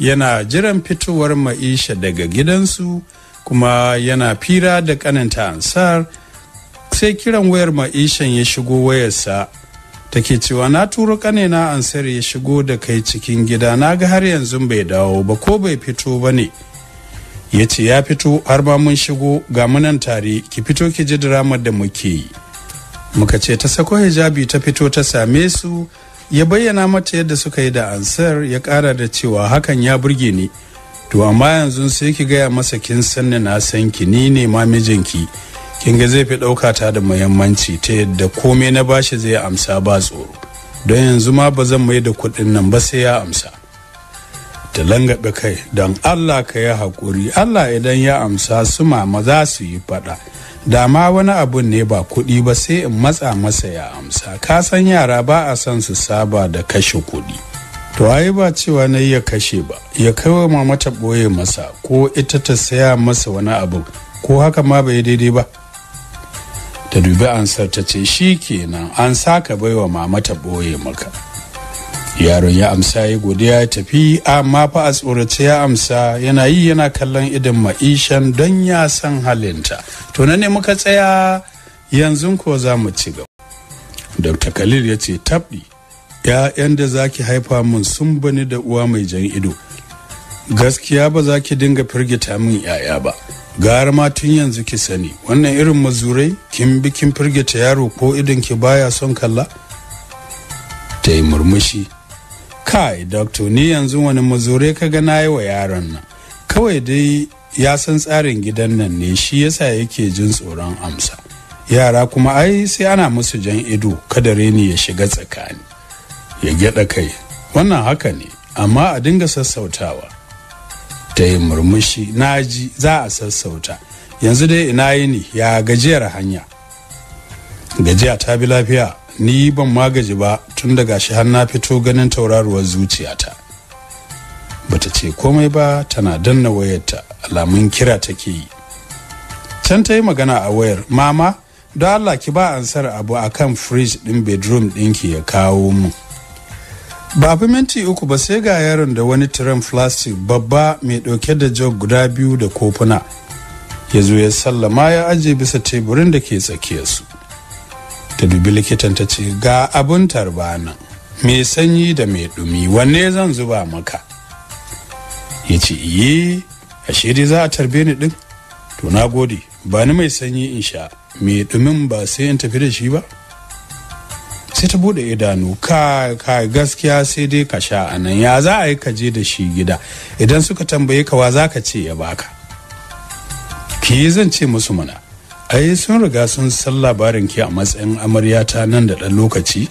yana jiran fitowar ma'isha daga gidansu kuma yana fira da kananta ansar sai kiran wayar ma'ishan ya shigo wayarsa Ta ke cewa na turo kanena ansar ya shigo da kai cikin gida na ga har yanzu bai dawo ba ko bai fito ba ne ya ce ya fito har ba mun shigo ga munan tare ki fito ki ji diramar da muke yi muka ce ta sako hijabi ta fito ta same su ya bayyana mata yadda suka yi da ansar ya kara da cewa hakan ya burge ni to amma yanzu sai ki gaya masa kin sanni na san ki ni ne ma mijinki kin ga zai fi ɗauka ta da muhimmanci ta yadda komai na bashi zai amsa ba tsoro don yanzu ma ba zan mai da kuɗin nan ba sai ya amsa ta langaɓe kai don allah ka yi haƙuri allah idan ya amsa su ma za su yi faɗa da ma wani abun ne ba kuɗi ba sai in matsa masa ya amsa ka san yara ba a son su saba da kashe kuɗi to ai ba cewa na ya kashe ba ya kai wa mama ta ɓoye masa ko ita ta saya masa wani abu ko haka ma bai daidai ba ta dubi ansar ta ce shi kenan an saka baiwa mama ta ɓoye maka yaron ya amsa ya godiya ya tafi amma fa a tsorace ya amsa yana yi yana kallon idan ma'ishan don ya san halinta to na ne muka tsaya yanzu ko za mu ci gaba dr khalil ya ce Ya ya'yan da zaki haifa mun sun bani da uwa mai jan ido gaskiya ba za ki dinga firgita min yaya ba gara ma tun yanzu ki sani wannan irin mazurai kin bikin firgita yaro ko idan ki baya son kalla ta yi murmushi kai doctor ni yanzu wani mazure ka ga nayi wa yaron nan kawai dai ya san tsarin gidan nan ne shi yasa yake jin tsoron amsa yara kuma ai sai ana musu jan ido kada reni ya shiga tsakani ya gyada kai wannan haka ne amma a dinga sassautawa ta yi murmushi naji za a sassauta yanzu dai ina yini ya gajiyar hanya gajiya ta bi lafiya ni ban magaji ba tun daga shi har na fito ganin tauraruwar zuciyata bata ce komai ba tana danna wayarta alamun kira take yi can ta yi magana a wayar mama don allah ki ba ansar abu akan fridge din bedroom ki, ya kawo mu ba fi minti uku ba sai ga yaron da wani tiran plastic babba mai ɗauke da jog guda biyu da kofuna ya zo ya sallama ya aje bisa teburin da ke tsakiyarsu Da dubi likitan ta ce ga abun nan. Me sanyi da mai dumi wanne zan zuba maka ya ce yi a shiri za a tarbe ni din to na gode ba ni mai sanyi in sha mai dumin ba sai in tafi da shi ba sai ta bude idanu ka ka gaskiya sai dai ka sha anan ya za a yi ka je da shi gida idan suka tambaye ka wa za ka ce ya baka ki zan ce musu mana ai sun riga sun san labarin ki a matsayin amarya ta nan da ɗan lokaci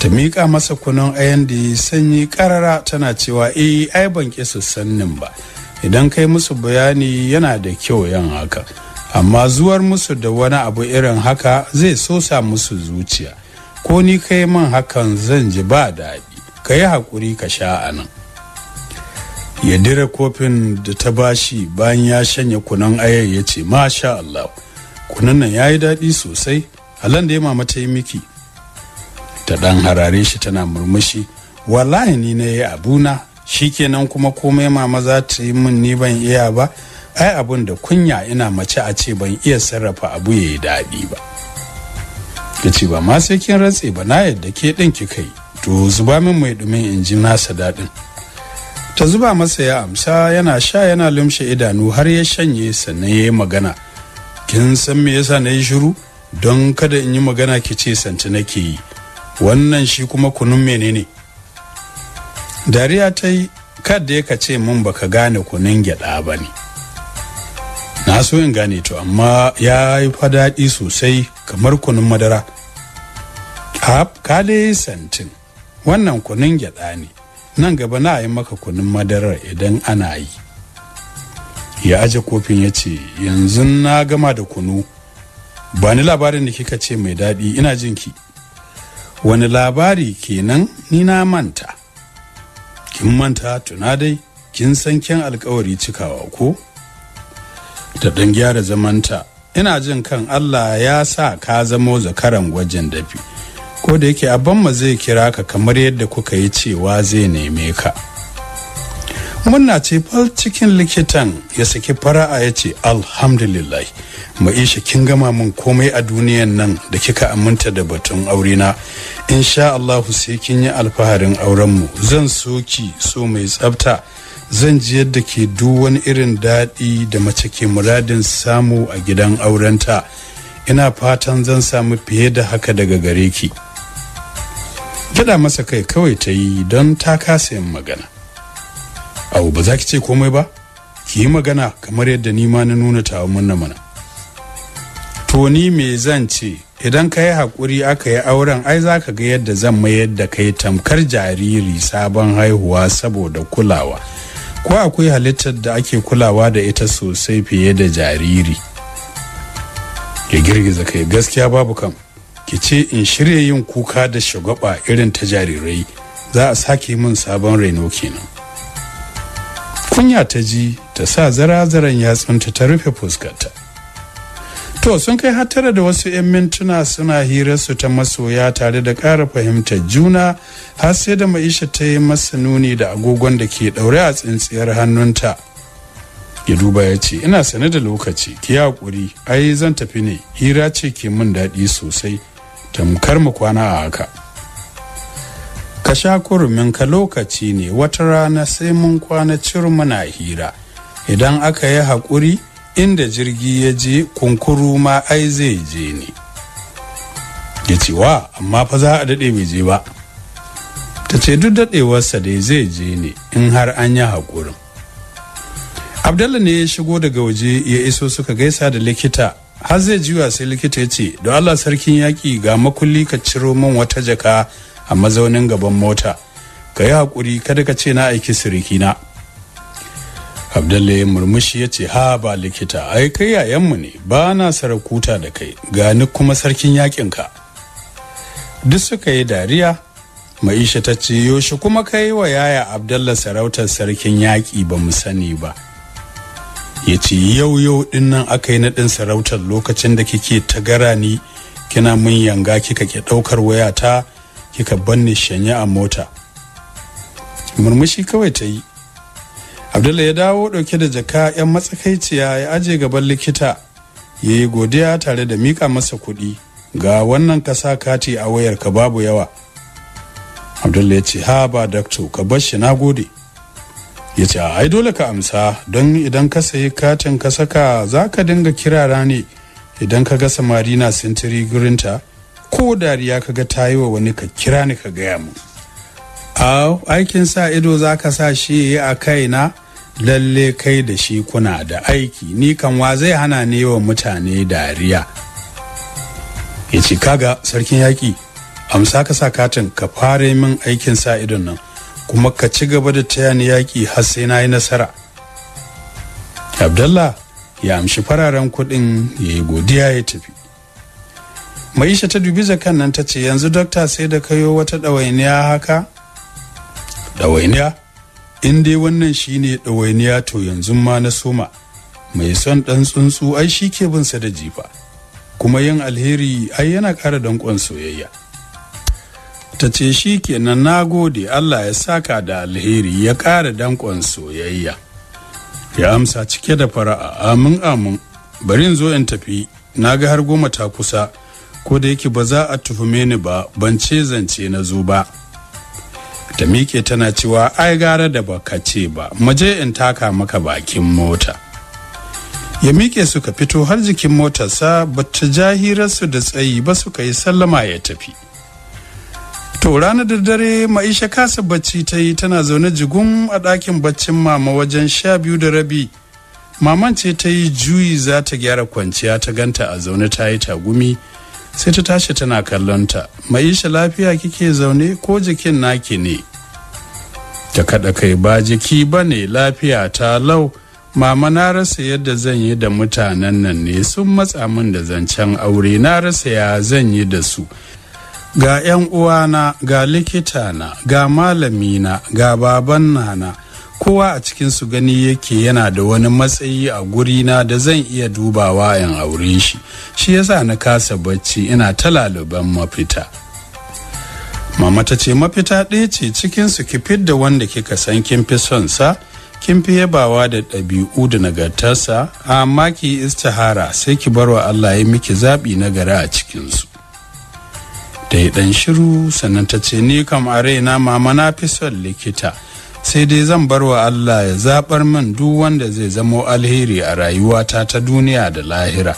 ta miƙa masa kunan ayan da ya sanyi ƙarara tana cewa eh ai ban ƙi sannin ba idan kai musu bayani yana da kyau yan haka amma zuwar musu da wani abu irin haka zai sosa musu zuciya ko ni kai man hakan zan ji ba daɗi ka yi haƙuri ka sha a nan ya dire kofin da ta bashi bayan ya shanya kunan ayar ya ce masha Allah kunan nan ya yi daɗi sosai halan da ya mama ta yi miki ta ɗan harare shi tana murmushi wallahi ni na yi abuna shi kenan kuma komai mama za ta yi min ni ban iya ba ai abun da kunya ina mace a ce ban iya sarrafa abu ya yi daɗi ba ya ce ba ma sai kin ratse ba na yadda ke ɗin kika yi to zuba min mai ɗumin in ji nasa daɗin ta zuba masa ya amsa yana sha yana lumshe idanu har ya shanye sannan ya yi magana kin san me yasa na yi shiru don kada in yi magana ki ce santi nake yi wannan shi kuma kunun menene dariya ta yi kada ya ka ce mun baka gane kunun gyada ba ne na so in gane to amma ya yi fadaɗi sosai kamar kunun madara ka dai santin wannan kunun gyada ne nan gaba na yi maka kunun madarar idan ana yi ya aje kofin ya ce yanzu na gama da kunu ba ni labarin da kika ce mai daɗi ina jin ki. wani labari kenan ni na manta kin manta tuna dai kin san kyan alkawari cikawa ko da ɗan gyara zamanta ina jin kan allah ya sa ka zamo zakaran gwajin dafi ko da yake abamma zai kira ka kamar yadda kuka yi cewa zai neme ka muna ce fal cikin likitan ya saki fara'a ya ce alhamdulillah ma'isha kin gama min komai a duniyan nan da kika aminta da batun aurena insha Allahu sai kin yi alfaharin aurenmu zan soki so mai tsafta zan ji yadda ke duk wani irin daɗi da mace ke muradin samu a gidan aurenta ina fatan zan samu fiye da haka daga gare ki kada masa kai kawai ta yi don ta kasa yin magana abu ba za ki ce komai ba ki yi magana kamar yadda ni ma na nuna ta munna mana to ni me zan ce idan ka yi haƙuri aka yi auren ai za ka ga yadda zan mayar da kai tamkar jariri sabon haihuwa saboda kulawa ko akwai halittar da ake kulawa da ita sosai fiye da jariri ya girgiza kai gaskiya babu kan ki ce in shirya yin kuka da shagwaba irin ta jarirai za a sake min sabon raino kenan kunya ta ji ta sa zarazaran yatsunta ta rufe fuskarta to sun kai hatara da wasu 'yan mintuna suna hirarsu ta masoya tare da ƙara fahimtar juna har sai da maisha ta yi masa nuni da agogon da ke ɗaure a tsintsiyar hannunta ya duba ya ce ina sane da lokaci ki haƙuri ai zan tafi ne hira ce ke min daɗi sosai tamkar mu kwana a haka ka sha kurumin ka lokaci ne wata rana sai mun kwana cir muna hira idan aka yi haƙuri inda jirgi ya je kunkuru ma ai zai je ne ya ce wa amma fa za a daɗe bai je ba ta ce duk daɗewarsa dai zai je ne in har an yi haƙurin abdallah ne ya shigo daga waje ya iso suka gaisa da likita har zai ji wa sai likita ya ce don allah sarkin yaƙi ga makulli ka ciro min wata jaka a mazaunin gaban mota ka yi haƙuri kada ka ce na aiki siriki na. abdullahi murmushi ya ce ha ba likita ai kai yayanmu ne ba na sarakuta da kai gani kuma sarkin yaƙin ka duk suka yi dariya maisha ta ce yaushe kuma kai wa yaya abdallah sarautar sarkin yaƙi ba mu sani ba ya ce yau yau din nan aka yi naɗin sarautar lokacin da kike ta gara ni kina mun yanga kika ke ɗaukar waya ta kika banne shanye a mota murmushi kawai ta yi abdulla ya dawo ɗauke da jaka 'yan matsakaiciya ya aje gaban likita ya yi godiya tare da mika masa kuɗi ga wannan kasa kati a wayar ka babu yawa abdulla ya ce ha ba dakto ka bar shi na gode ya ce ai dole ka amsa don idan ka sayi katin ka saka za ka dinga kira rani idan ka ga samari na sintiri gurinta ko dariya ka ga ta yi wa wani ka kira ni ka gaya mu aw aikin sa ido za ka sa shi a kai na, lalle kai da shi kuna da aiki ni kan wa zai hana ne wa mutane dariya ya ce kaga sarkin yaƙi amsa ka sa katin ka fara min aikin sa idon nan kuma ka ci gaba da taya ni yaƙi har sai na yi nasara abdallah ya amshi fararen kuɗin ya yi godiya ya tafi maisha ta dubi zakan nan ta ce yanzu dokta sai da kayo wata ɗawainiya haka ɗawainiya in dai wannan shine ɗawainiya to yanzu ma na soma mai son ɗan tsuntsu ai shi ke bin sa da jifa kuma yin alheri ai yana ƙara danƙon soyayya ta ce shi kenan na gode allah ya saka da alheri ya ƙara danƙon soyayya ya amsa cike da fara'a amin amin bari in zo in tafi na ga har goma ta kusa ko da yake ba za a tuhume ni ba ban ce zance na zo ba ta miƙe tana cewa ai gara da baka ce ba maje in taka maka bakin mota ya miƙe suka fito har jikin motarsa ba ta ja hirarsu da tsayi ba suka yi sallama ya tafi to ranar da dare maisha kasa bacci ta yi tana zaune jigun a ɗakin baccin mama wajen sha biyu da rabi maman ce ta yi juyi za ta gyara kwanciya ta ganta a zaune ta yi tagumi sai ta tashi tana kallonta maisha lafiya kike zaune ko jikin naki ne ta kaɗa kai ba jiki ba ne lafiya ta lau mama na rasa yadda zan yi da mutanen nan ne sun matsa min da zancen aure na rasa ya zan yi da su ga 'yan uwana ga likitana ga malamina ga baban nana kowa a cikin su gani yake yana da wani matsayi a gurina da zan iya dubawa yan aure shi shi yasa na kasa bacci ina ta mafita mama ta ce mafita ɗaya ce cikinsu ki fidda wanda kika san kin fi son sa kin fi yabawa da ɗabi'u da nagartarsa amma ki istihara sai ki barwa allah ya miki zaɓi na gari a cikinsu ta yi dan shiru sannan ta ce ni kam a raina mama na fi son likita sai dai zan bar wa Allah ya zabar min duk wanda zai zamo alheri a rayuwata ta duniya da lahira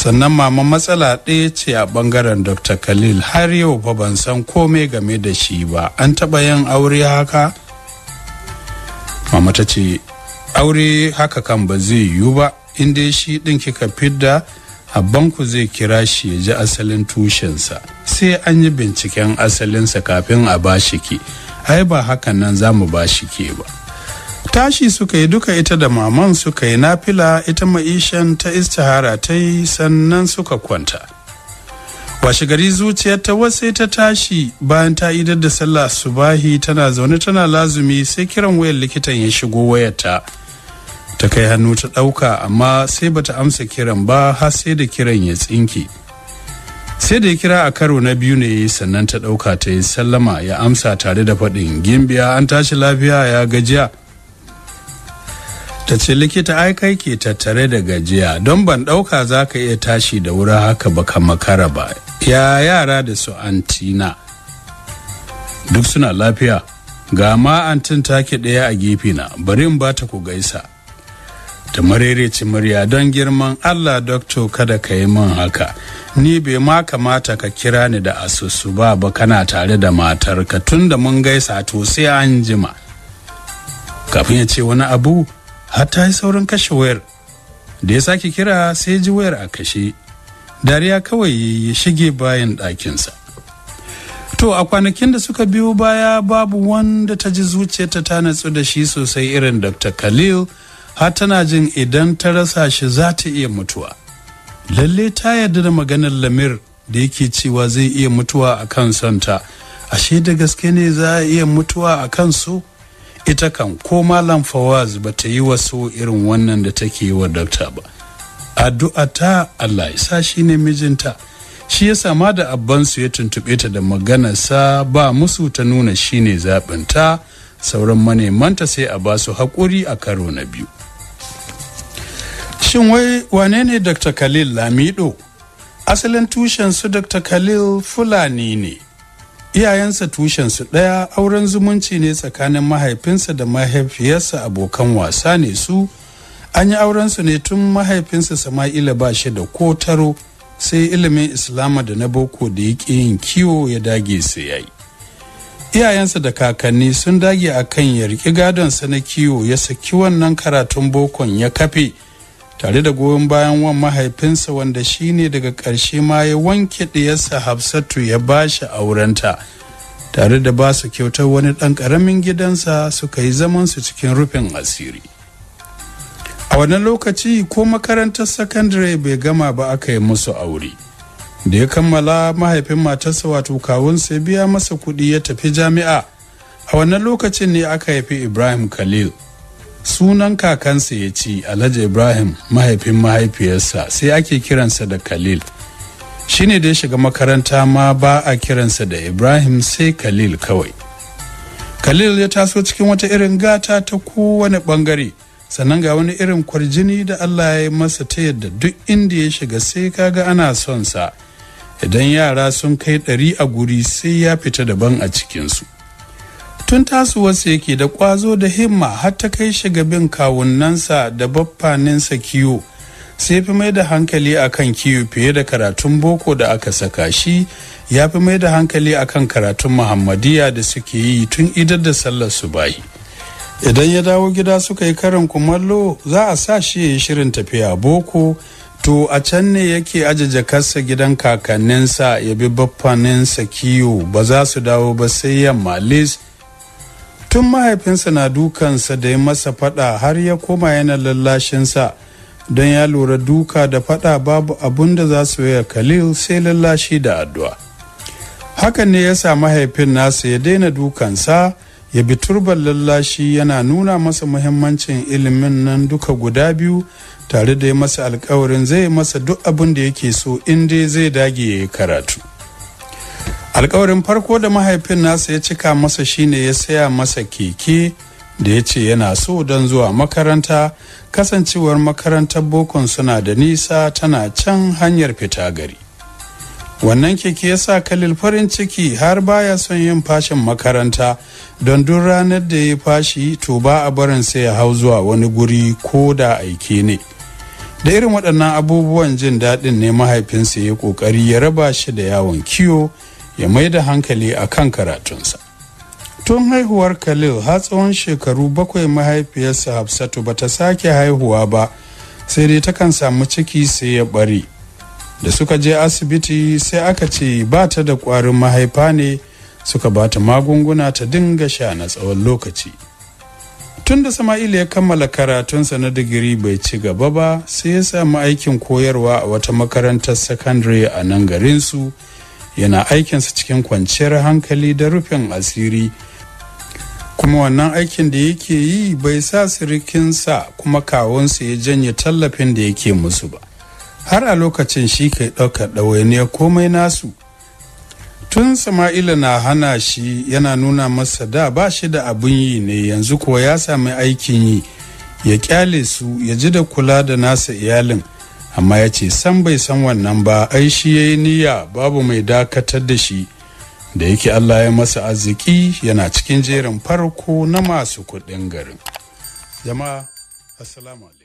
sannan mama matsala ɗaya ce a ɓangaren dr khalil har yau ba ban san komai game da shi ba an taɓa yin aure haka mama ta ce aure haka kan ba zai yiwu ba inda shi ɗin kika fidda abbanku zai kira shi ya ji asalin tushensa sai an yi binciken asalinsa kafin a ba shi ke ai ba hakan nan za mu ba shi ke ba tashi suka yi duka ita da maman suka yi nafila ita ma'ishan ta istihara ta yi sannan suka kwanta washe gari zuciyar ta wasu ta tashi bayan ta idar da sallah subahi tana zaune tana lazumi sai kiran wayar likitan ya shigo wayarta ta ta kai hannu ta ɗauka amma sai bata amsa kiran ba har sai da kiran ya tsinke sai da ya kira a karo na biyu ne sannan ta ɗauka ta yi sallama ya amsa tare da faɗin gimbiya an tashi lafiya ya gajiya ta ce likita ai kai ke tattare da gajiya don ban ɗauka za ka iya tashi da wuri haka baka makara ba ya yara da su antina duk suna lafiya ga ma antin take ɗaya a gefe na bari in ba ta ku gaisa da marereci murya don girman allah dokto kada ka yi min haka ni bai ma kamata ka kira ni da asusu ba ba kana tare da matar ka tun da mun gaisa to sai an jima kafin ya ce wani abu har ta yi saurin kashe wayar da ya sake kira sai ji wayar a kashe dariya kawai ya shige bayan ɗakinsa to a kwanakin da suka biyo baya babu wanda ta ji zuciyarta ta natsu da shi sosai irin dr khalil har tana jin idan ta rasa shi za ta iya mutuwa lalle ta yarda da maganar lamir da yake cewa zai iya mutuwa a kan santa ashe da gaske ne za a iya mutuwa a kan su ita kan ko malam fawaz ba ta yi wasu irin wannan da take yi wa dokta ba addu'a ta allah isa shi ne mijinta shi ya sama da abbansu ya tuntuɓe ta da sa ba musu ta nuna shi shine zaɓinta sauran manemanta sai a basu haƙuri a karo na biyu shin wai wane ne dr khalil lamido asalin tushensu dr khalil fulani ne iyayensa tushensu ɗaya auren zumunci ne tsakanin mahaifinsa da mahaifiyarsa abokan wasa ne su an yi aurensu ne tun mahaifinsa sama'ila ba shi da kotaro sai ilimin islama da na boko da ya ƙi yin kiwo ya dage su ya yi iyayensa da kakanni sun dage a kan ya riƙi gadonsa na kiwo ya saki wannan karatun bokon ya kafe tare da goyon bayan wan mahaifinsa wanda shine daga ƙarshe ma ya wanke ɗiyarsa hafsatu ya ba shi aurenta tare da ba su kyautar wani ɗan ƙaramin gidansa suka yi zaman su cikin rufin asiri a wannan lokaci ko makarantar sakandare bai gama ba aka yi musu aure da ya kammala mahaifin matarsa wato kawunsa ya biya masa kuɗi ya tafi jami'a a wannan lokacin ne aka haifi ibrahim khalil sunan kakansa ya ci alhaji ibrahim mahaifin mahaifiyarsa sai ake kiransa da khalil shine da ya shiga makaranta ma ba a kiransa da ibrahim sai khalil kawai khalil ya taso cikin wata irin gata ta kowane bangare sannan ga wani irin kwarjini da allah ya yi masa ta yadda duk inda ya shiga sai kaga ana son sa idan yara sun kai ɗari a guri sai ya fita daban a cikinsu tun tasowarsa yake da kwazo da himma har ta kai shi ga bin kawunnansa da baffaninsa kiwo sai fi mai da hankali akan kiwo fiye da karatun boko da aka saka shi ya fi mai da hankali akan karatun muhammadiya da suke yi tun idar da sallar su bayi idan ya dawo gida suka yi karin kumallo za a sa shi ya yi shirin tafiya boko to a can ne yake ajaje kasa gidan kakanninsa ya bi baffaninsa kiwo ba za su dawo ba sai yamma lis tun mahaifinsa na dukansa da ya masa fada har ya koma yana lallashinsa don ya lura duka da fada babu abun da za su yi khalil sai lallashi da addu'a hakan ne ya sa mahaifin nasa ya daina dukansa ya bi turban lallashi yana nuna masa muhimmancin ilimin nan duka guda biyu tare da ya masa alkawarin zai masa duk abun da yake so in dai zai dage ya yi karatu alkawarin farko da mahaifin nasa ya cika masa shine ya saya masa keke da ya ce yana so don zuwa makaranta kasancewar makarantar bokon suna da nisa tana can hanyar fita gari wannan keke ya sa kalil farin ciki har baya son yin fashin makaranta don duk ranar da ya fashi to ba a barin sai ya hau zuwa wani guri ko da aike ne da irin waɗannan abubuwan jin daɗin ne mahaifinsa ya ƙoƙari ya raba shi da yawon kiwo ya mai da hankali a kan karatunsa tun haihuwar khalil har tsawon shekaru bakwai mahaifiyarsa hafsatu ba ta sake haihuwa ba sai dai ta kan samu ciki sai ya bari da suka je asibiti sai aka ce ba ta da ƙwarin mahaifa ne suka ba ta magunguna ta dinga sha na tsawon lokaci tun da sama'il ya kammala karatunsa na digiri bai ci gaba ba sai ya samu aikin koyarwa a wata makarantar sakandare a nan garinsu yana aikinsa cikin kwanciyar hankali da rufin asiri kuma wannan aikin da yake yi bai sa sirikinsa kuma kawunsa ya janye tallafin da yake musu ba har a lokacin shi kai ɗaukar ne komai nasu tun sama'ila na hana shi yana nuna masa da ba shi da abun yi ne yanzu kuwa ya sami aikin yi ya kyale su ya ji da kula da nasa iyalin amma ya ce san bai san wannan ba ai shi ya yi niyya babu mai dakatar da shi da yake allah ya masa arziki yana cikin jerin farko na masu kuɗin garin jama'a assalamu